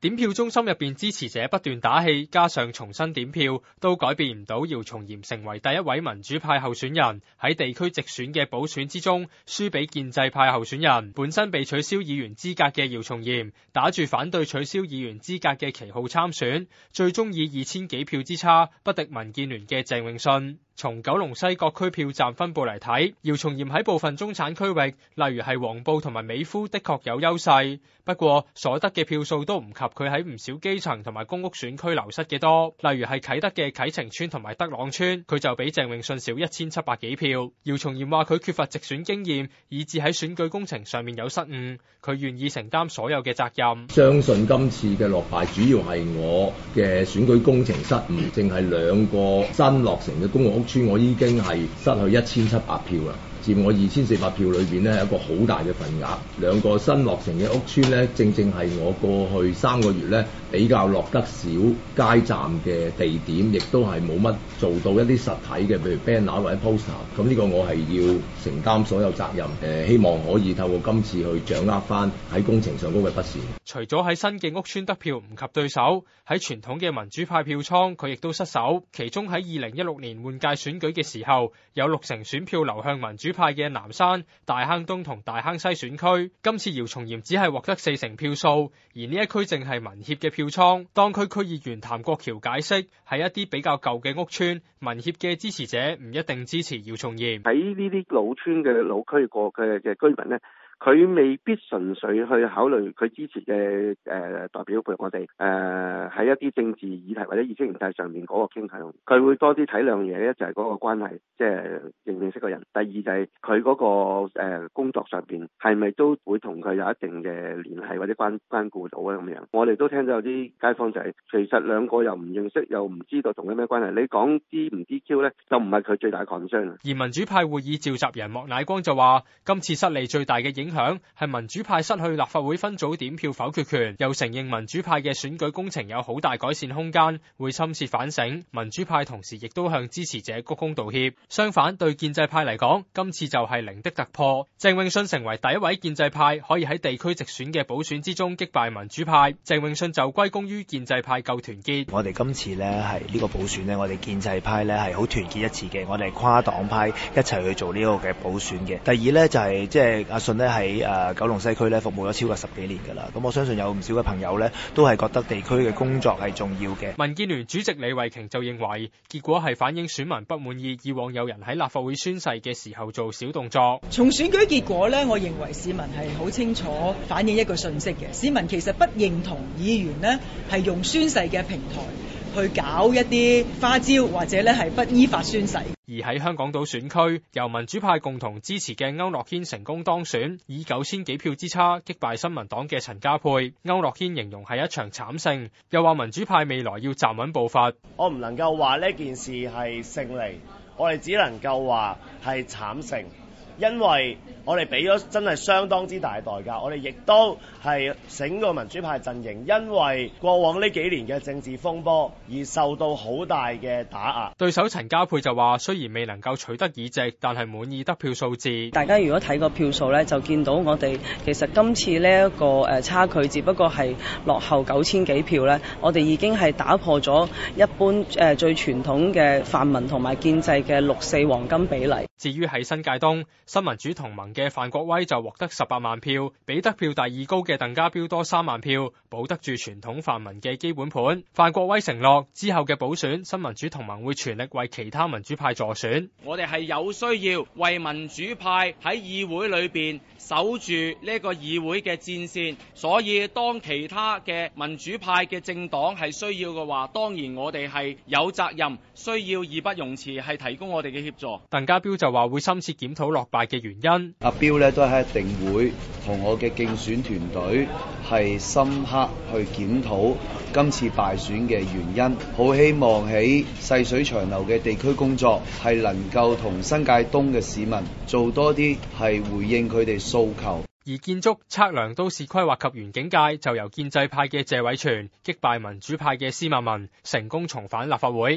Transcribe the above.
點票中心入面支持者不斷打氣，加上重新點票都改變唔到姚松炎成為第一位民主派候選人喺地區直選嘅補選之中輸畀建制派候選人。本身被取消議員資格嘅姚松炎，打住反對取消議員資格嘅旗號參選，最終以二千幾票之差不敵民建聯嘅鄭泳舜。從九龍西各區票站分佈嚟睇，姚松炎喺部分中產區域，例如係黃埔同埋美孚，的確有優勢。不過所得嘅票數都唔及佢喺唔少基層同埋公屋選區流失嘅多，例如係啟德嘅啟晴邨同埋德朗邨，佢就比鄭泳舜少一千七百幾票。姚松炎話佢缺乏直選經驗，以致喺選舉工程上面有失誤，佢願意承擔所有嘅責任。相信今次嘅落敗，主要係我嘅選舉工程失誤，淨係兩個新落成嘅公屋村我已經係失去一千七百票啦。佔我二千四百票裏面呢，係一個好大嘅份額。兩個新落成嘅屋邨呢，正正係我過去三個月呢比較落得少街站嘅地點，亦都係冇乜做到一啲實體嘅，譬如 banner 或者 poster。咁呢個我係要承擔所有責任。誒，希望可以透過今次去掌握翻喺工程上邊嘅不善。除咗喺新嘅屋邨得票唔及對手，喺傳統嘅民主派票倉佢亦都失守。其中喺二零一六年換屆選舉嘅時候，有六成選票流向民主主派嘅南山大坑東同大坑西選區，今次姚松炎只係獲得四成票數，而呢一區正係民協嘅票倉。當區區議員譚國僑解釋，喺一啲比較舊嘅屋邨，民協嘅支持者唔一定支持姚松炎。喺呢啲老村嘅老區過嘅嘅居民呢。佢未必純粹去考慮佢支持嘅誒，代表譬如我哋，誒喺一啲政治議題或者意識形態上面嗰個傾向，佢會多啲體諒嘢咧，一就係嗰個關係，即係認唔認識個人。第二就係佢嗰個、呃、工作上面，係咪都會同佢有一定嘅聯繫或者關關顧到咧咁樣。我哋都聽到有啲街坊就係其實兩個又唔認識又唔知道同佢咩關係，你講知唔知 Q 咧就唔係佢最大嘅 concern 啦。而民主派會議召集人莫乃光就話：今次失利最大嘅影影響係民主派失去立法會分組點票否決權，又承認民主派嘅選舉工程有好大改善空間，會深切反省。民主派同時亦都向支持者鞠躬道歉。相反，對建制派嚟講，今次就係零的突破。鄭泳舜成為第一位建制派可以喺地區直選嘅補選之中擊敗民主派。鄭泳舜就歸功於建制派夠團結。我哋今次呢係呢個補選呢，我哋建制派呢係好團結一次嘅，我哋係跨黨派一齊去做呢個嘅補選嘅。第二呢就係即係阿舜呢喺誒九龍西區咧服務咗超過十幾年嘅啦，咁我相信有唔少嘅朋友咧都係覺得地區嘅工作係重要嘅。民建聯主席李慧瓊就認為，結果係反映選民不滿意以往有人喺立法會宣誓嘅時候做小動作。從選舉結果咧，我認為市民係好清楚反映一個訊息嘅，市民其實不認同議員呢係用宣誓嘅平台。去搞一啲花招，或者咧係不依法宣誓。而喺香港島選區，由民主派共同支持嘅區諾軒成功當選，以九千幾票之差擊敗新民黨嘅陳家珮。區諾軒形容係一場慘勝，又話民主派未來要站穩步伐。我唔能夠話呢件事係勝利，我哋只能夠話係慘勝。因為我哋俾咗真係相當之大嘅代價，我哋亦都係整個民主派陣營，因為過往呢幾年嘅政治風波而受到好大嘅打壓。對手陳家珮就話：雖然未能夠取得議席，但係滿意得票數字。大家如果睇個票數呢，就見到我哋其實今次呢一個誒差距，只不過係落後九千幾票呢。我哋已經係打破咗一般誒最傳統嘅泛民同埋建制嘅六四黃金比例。至於喺新界東，新民主同盟嘅范國威就獲得十八萬票，比得票第二高嘅鄧家彪多三萬票，保得住傳統泛民嘅基本盤。范國威承諾之後嘅補選，新民主同盟會全力為其他民主派助選。我哋係有需要為民主派喺議會裏邊守住呢個議會嘅戰線，所以當其他嘅民主派嘅政黨係需要嘅話，當然我哋係有責任，需要義不容辭係提供我哋嘅協助。鄧家彪就話會深切檢討落敗嘅原因。阿標呢都係一定會同我嘅競選團隊係深刻去檢討今次敗選嘅原因。好希望喺細水長流嘅地區工作，係能夠同新界東嘅市民做多啲係回應佢哋訴求。而建築測量，都市規劃及園境界就由建制派嘅謝偉銓，擊敗民主派嘅司馬文，成功重返立法會。